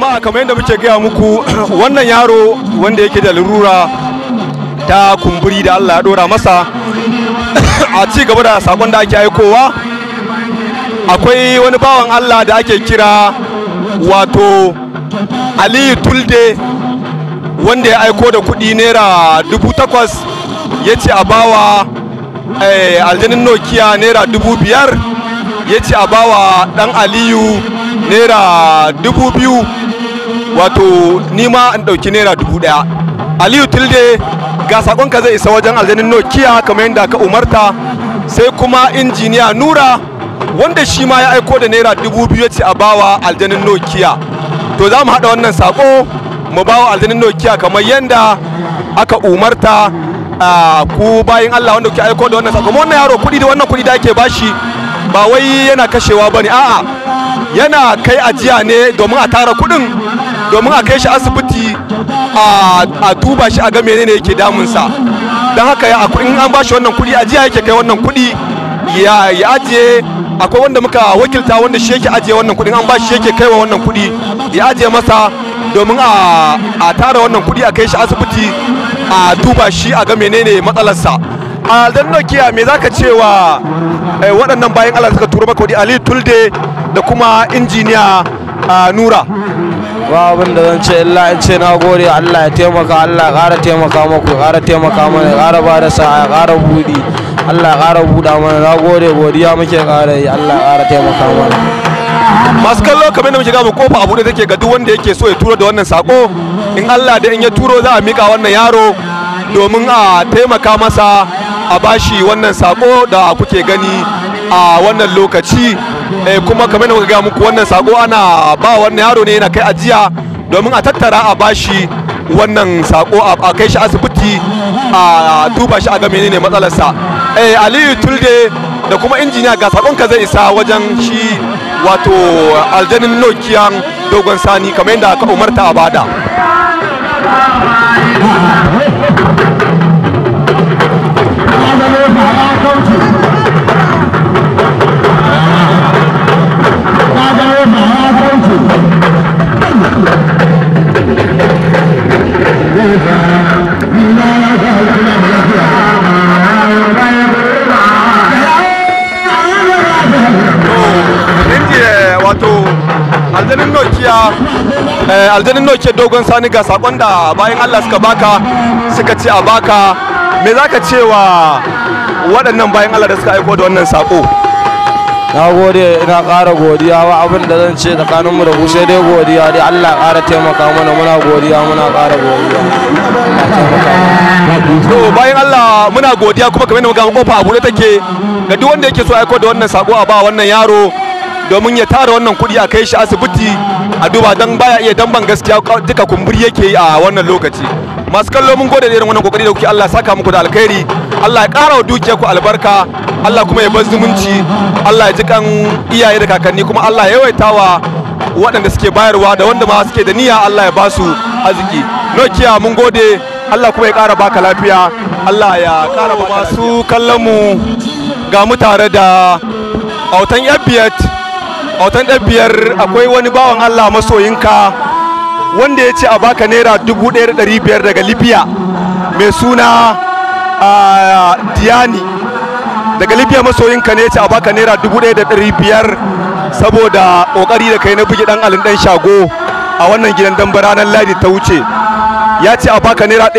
jama'a kamar yadda muke gaya muku wannan yaro wanda yake da larura ta kumburi da Allah ya dora masa a ci gaba da sakon da ake aikowa akwai wani bawan Allah da ake kira wato Aliyu Tulde wanda ya aiko da kuɗi naira dubu takwas ya ce a bawa eh, aljanin nokiya naira dubu biyar ya ce a bawa dan Aliyu naira dubu biyu wato ni ma in ɗauki naira dubu ɗaya aliyu tilde ga sakonka zai isa wajen aljanin nokia kamar yadda ka umarta sai kuma injiniya nura wanda shi ma ya aiko da naira dubu biyu ce a bawa aljanin nokia to za mu haɗa wannan sako mu bawa aljanin nokia kamar yadda aka umarta ku bayin allah wanda kuke aiko da wannan sako wannan yaro kuɗi da wannan kuɗi da ake bashi ba wai yana kashewa bane a'a yana kai ajiya ne domin a tara kuɗin domin a kai shi asibiti a duba shi a ga menene yake damunsa don haka ya in an ba shi wannan kuɗi ajiya yake kai wannan kuɗi ya ajiye akwai wanda muka wakilta wanda shi yake ajiye wannan kuɗin an ba shi yake kaiwa wannan kuɗi ya ajiye masa domin a tara wannan kuɗi a kai shi asibiti a duba shi a ga menene matsalarsa a dan nokiya me zaka cewa eh, waɗannan bayan Allah suka turo maka kudi Ali Tulde da kuma injiniya nura ba abin da zan ce illa in ce na gode allah ya taimaka allah ya ƙara taimaka maku ya ƙara taimaka mana ya ƙara ba da sa'a ya ƙara buɗi allah ya ƙara buɗa mana na gode godiya muke ƙara yi allah ya ƙara taimaka mana masu kallo kamar da muke gama kofa abu buɗe take ga duk wanda yake so ya turo da wannan sako in allah da in ya turo za a mika wannan yaro domin a taimaka masa a bashi wannan sako da kuke gani a wannan lokaci Eh, kuma kamar ne muka muku wannan sako ana ba wannan yaro ne yana kai ajiya domin a tattara a bashi wannan sako a kai shi asibiti a duba shi a ga menene matsalarsa eh, aliyu tulde da kuma injiniya ga sakon ka zai isa wajen shi wato aljanin nokiyan dogon sani kamar yadda ka umarta a bada aljanin nokiya eh, aljanin nokiya dogon sani ga sakon da bayan allah suka baka suka ce a baka me zaka ce wa waɗannan bayan allah da suka aiko da wannan sako na gode ina ƙara godiya wa abin da zan ce tsakanin mu da ku sai dai godiya dai Allah ƙara taimaka mana muna godiya muna ƙara godiya to bayan Allah muna godiya kuma kamar yadda muka kofa a bude take ga duk wanda yake so aiko da wannan sako a ba wannan yaro domin ya tara wannan kuɗi a kai shi asibiti a duba don baya iya damban gaskiya duka kumburi yake yi a wannan lokaci masu kallo mun gode da irin wannan kokari da kuke Allah saka muku da alkhairi Allah ya ƙara wa dukiyar ku albarka Allah kuma ya bar zumunci Allah ya ji kan iyaye da kakanni kuma Allah ya yawaita wa waɗanda suke bayarwa da wanda ma suke da niyya Allah ya basu arziki Nokia mun gode Allah kuma ya ƙara baka lafiya Allah ya ƙara masu kallon mu ga mu tare da autan FBH hoton ɗan biyar akwai wani bawan Allah masoyinka wanda ya ce a baka naira dubu ɗaya da ɗari biyar daga libya mai suna diani daga libya masoyinka ne ya ce a baka naira dubu ɗaya da ɗari biyar saboda ƙoƙari da kai na bugi ɗan alin ɗan shago a wannan gidan damba ranar ladi ta wuce ya ce a baka naira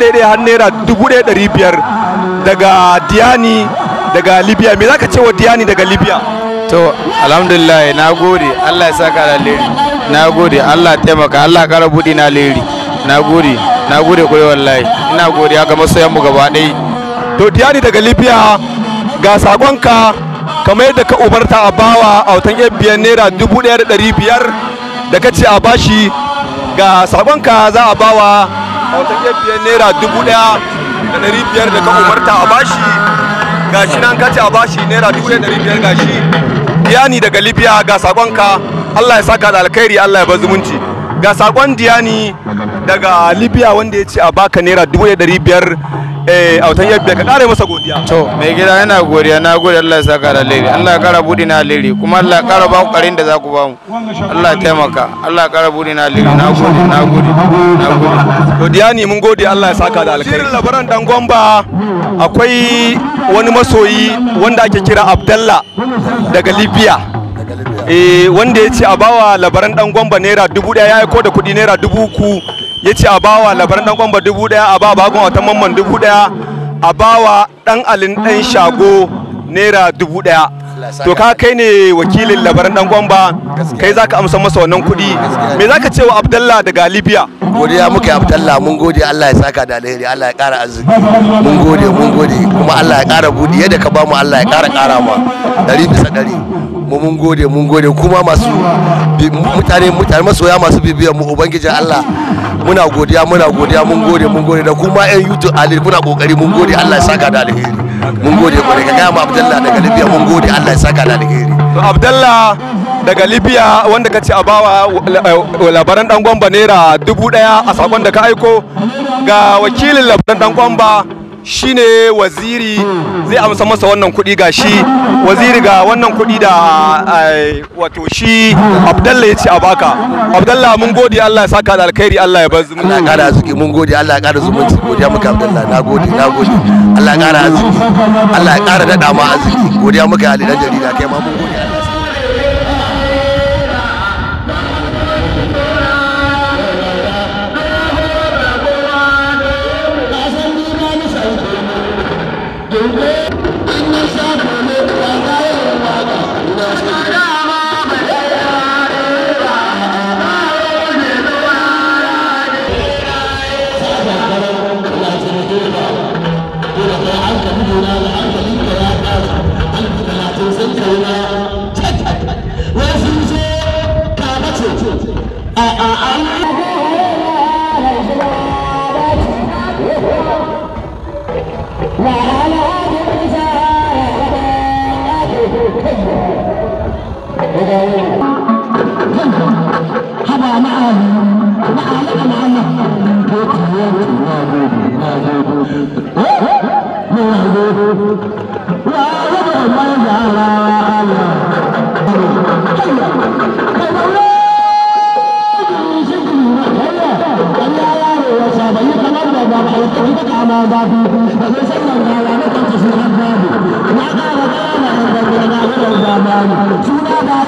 ɗaya har naira dubu ɗaya ɗari biyar daga diani daga libya me za ka ce wa diani daga libya to alhamdulillah na gode allah ya saka lalle na gode allah taimaka allah kara buɗi na leri na gode na gode kwarai wallahi ina gode ga masoyan mu gaba ɗaya to diyari daga libya ga sakonka kamar yadda ka ubarta a bawa a watan biyan naira dubu ɗaya da ɗari biyar da ka ce a bashi ga sakonka za a bawa a watan biyan naira dubu ɗaya da ɗari biyar da ka ubarta a bashi gashi nan ka ce a bashi naira dubu ɗaya da ɗari biyar gashi diyani daga libya ga sakonka allah ya saka da alkhairi allah ya bar zumunci ga sakon diyani daga libya wanda ya ce a baka naira dubu da biyar eh autan yabbe ka kare masa godiya to mai gida yana godiya na gode Allah ya saka da liri Allah ya kara budi na liri kuma Allah ya kara ba ku karin da za ku ba mu Allah ya taimaka Allah ya kara budi na liri na gode na gode na gode to diyani mun gode Allah ya saka da alkhairi shirin labaran dan gomba akwai wani masoyi wanda ake kira Abdalla daga Libya eh wanda ya ce a bawa labaran dan gwamba naira dubu daya ya aiko da kuɗi naira dubu uku ya ce a bawa labaran dan kwamba dubu daya a ba bakon wata mamman dubu daya a bawa dan alin dan shago naira dubu daya to ka kai ne wakilin labaran dan kwamba kai zaka amsa masa wannan kuɗi me zaka ce wa abdalla daga libya godiya muke abdalla mun gode Allah ya saka da alheri Allah ya ƙara arziki mun gode mun gode kuma Allah ya ƙara buɗi yadda ka bamu Allah ya ƙara kara ma ɗari bisa ɗari mu mun gode mun gode kuma masu mutane mutane masoya masu bibiyar mu ubangijin Allah muna godiya muna godiya mun gode mun gode da kuma yan youtube alil muna kokari mun gode Allah ya saka da alheri mun gode kwarai ka gaya ma abdallah daga libya mun gode Allah ya saka da alheri to abdallah daga libya wanda ka ce a bawa eh, labaran dan gwamba naira dubu daya a sakon da ka aiko ga wakilin labaran dan gwamba shine waziri zai amsa masa wannan kuɗi ga shi waziri ga wannan kuɗi da wato shi abdalla ya ce a baka abdalla mun gode Allah ya saka da alkhairi Allah ya bar zumunci Allah ya kara arziki mun gode Allah ya kara zumunci godiya muka abdalla na gode na gode Allah ya kara arziki Allah ya kara dada ma arziki godiya muka Ali jarida kai ma mun gode هبا معهم Tuna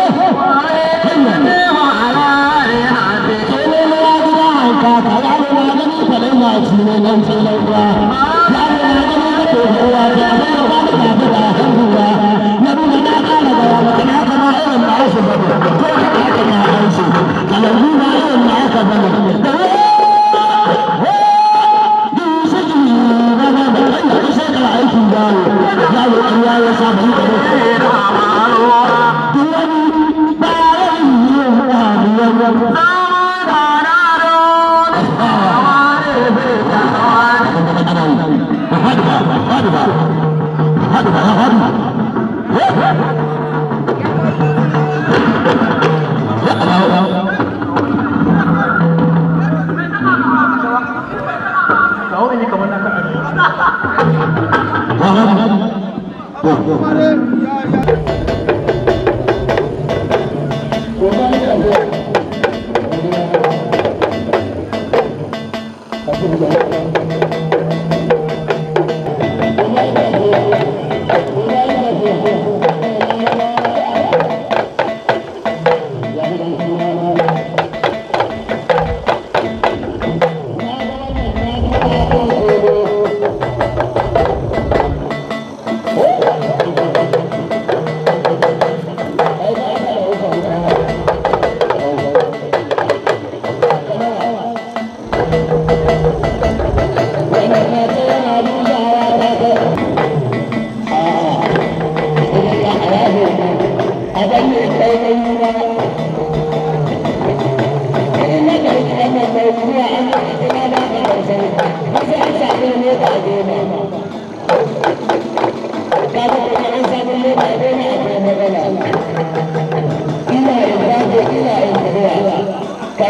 د او او او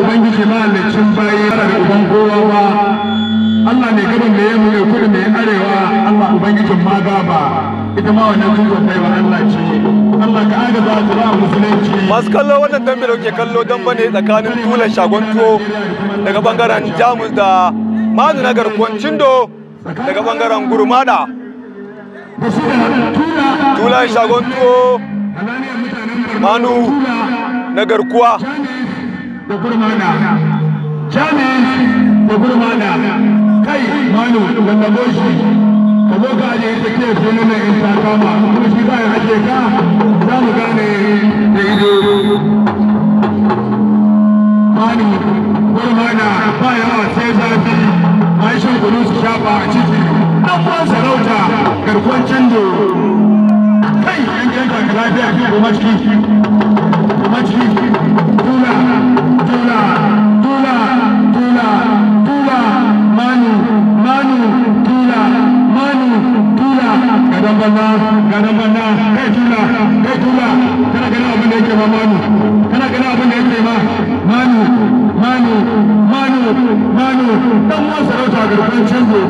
ubangiji mahallicin bayi ba da uban kowa ba Allah ne gaban da ya mai kudu mai arewa Allah ubangijin ma gaba ita ma wannan zuwan wa Allah ce Allah ka aga za a musulunci masu kallo wannan dambe da kuke kallo dan bane tsakanin tulan shagon tuwo daga bangaren Jamus da Manu na garkuwan Cindo daga bangaren Gurmada tulan shagon tuwo Manu na garkuwa da jami da kai manu lallabo shi ka zo ka aje ta ke filin in ta kama kuma shi za a aje ka za mu gane da ido manu gurmana ba yawa sai zafi aishin gudu su shafa a ciki dan uwan sarauta garkuwan canjo kai yan yankan lafiya ke kuma ciki agenda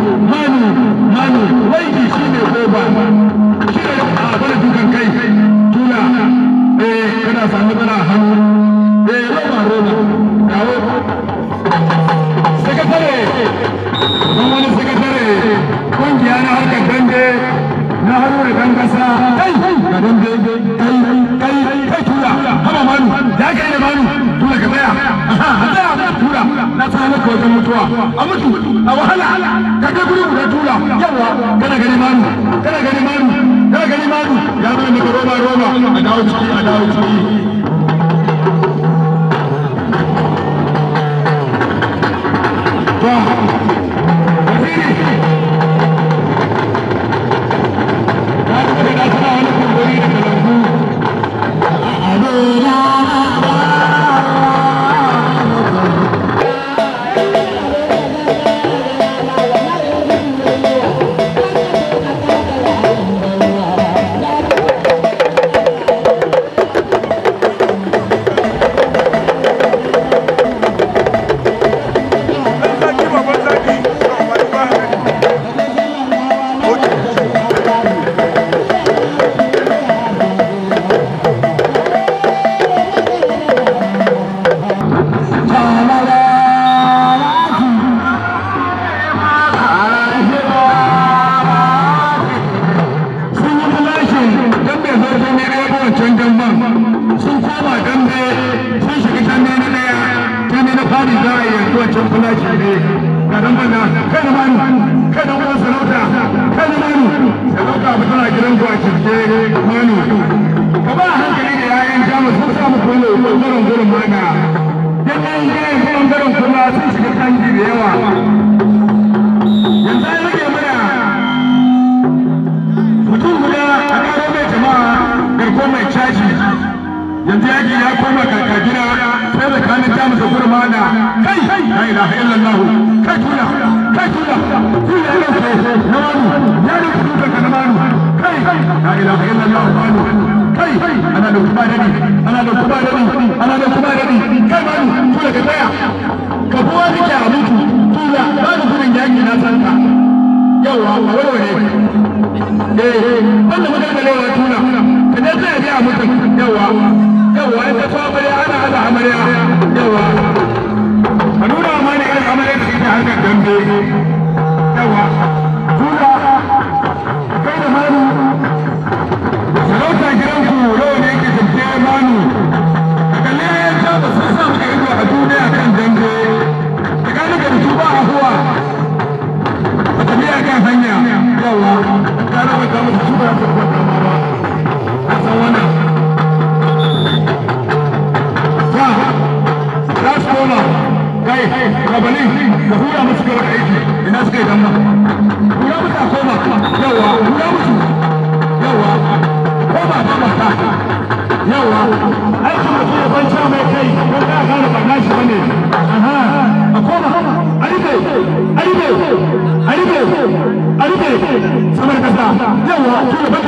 kana gani malu kana gani malu kana gani malu ya zama maka roba roma a dawo ciki a dawo ciki yanzu yaji ya koma kaka gida sai tsakanin jamus da kurma da kai la ilaha illallah kai tula kai tula tula ya rufe na wani ya rufe tuta ka na wani kai la ilaha illallah wani kai ana da kuma dadi ana da kuma dadi ana da kuma dadi kai wani tula ka tsaya ka buwa kake a mutu tula ba da gurin yaki na sanka yawa ba warware eh wanda eh, magana ne wa tula ka je tsaya a mutu yawa yawa in ta so amarya ana haɗa amarya yawa a nuna mana irin amarya da take harkar dambe yawa 让我。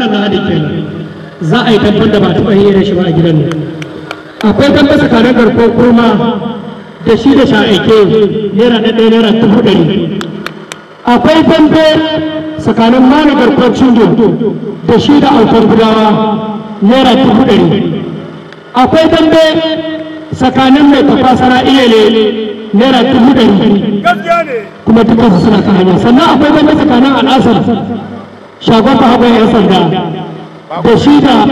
wannan lahadi kenan za a yi tambar da ba taɓa hira shi ba a gidan nan akwai tambar tsakanin garko kurma da shi da sha'aike naira na ɗaya naira dubu ɗari akwai tambe tsakanin mana garkon cindo da shi da alfar gudawa naira dubu ɗari akwai tambe tsakanin mai tafasara ne naira dubu ɗari kuma dukansu suna kan hanya sannan akwai tambe tsakanin al'asar Shagun sahaba ya sanda da shi da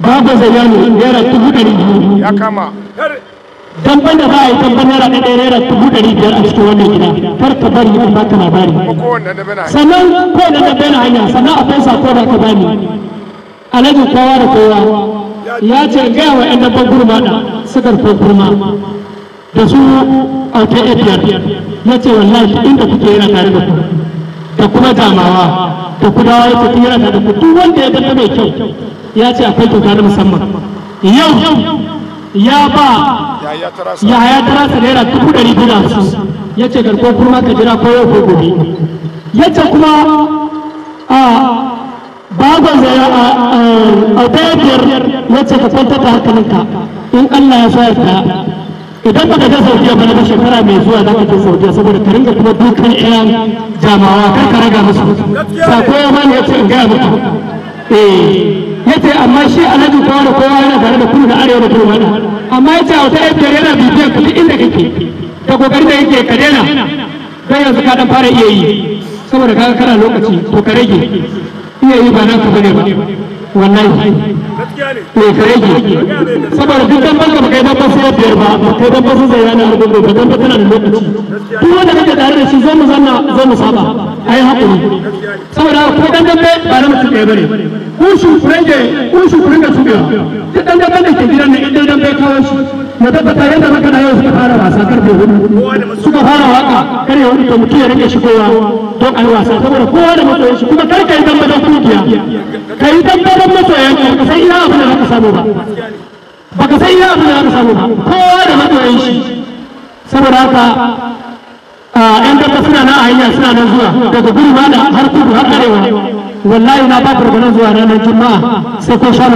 babu Zayyano naira dubu ɗari biyu ya kama dan ban da za a yi tambar naira ɗaya naira dubu ɗari biyar a cikin wannan gida kar ka bari in baka labari sannan ko da na hanya sannan akwai sako da ka bani alhaji kowa da kowa ya ce gaya wa 'yan dabban gurma da suka ko gurma da su a biyar ya ce wallahi inda kuke yana tare da ku da kuma damawa da kudawa ya tafi yana da duk wanda ya ganta mai kyau ya ce akwai kyauta na musamman yau ya ba ya haya tarasa naira dubu ɗari biyu da ya ce garko kurma ka jira ko yau ko gobe ya ce kuma a bagon zai a biyar ya ce ka kwanta da hankalinka in Allah ya so ya idan baka ga saudiya ba na shekara mai zuwa da kake saudiya saboda ka ringa kuma dukan iyan jamawa kar ka raga musu sako ya mani in gaya muku eh ce, amma shi alhaji kowa da kowa yana tare da kudu da arewa da kudu wani amma ce a wata yadda yana bibiyar kuɗi inda kake da kokari da yake ka daina don yanzu ka dan fara iya yi saboda kaga kana lokaci to ka rage iya yi ba nan ka bane ba wallahi mai saboda duk dan banka da dan basu biyar ba kai dan basu zai yana da tana da lokaci duk wanda tare da shi zai mu mu saba ai hakuri saboda ko dan dambe ba na mutum ɗaya bane kun ku rage kun shi ku ringa tubewa duk dan gaban da ke gidan nan idan dan bai kawo shi ya tabbata yadda maka da yau suka fara wasa karfe hudu suka fara waka kare wani to mutum ya rike shigowa don ai wasa saboda kowa da masoyan shi kuma karka yi dan bazan kungiya ka yi dan bazan masoyan ka ka san ina abin ya zaka samu ba baka san ina abin da zaka samu ba kowa da masoyan shi saboda haka yan ah, gaba suna nan a hanya suna nan zuwa daga gudu ma da har kudu har arewa wallahi na ba barbanan zuwa ranar juma'a sai ko sha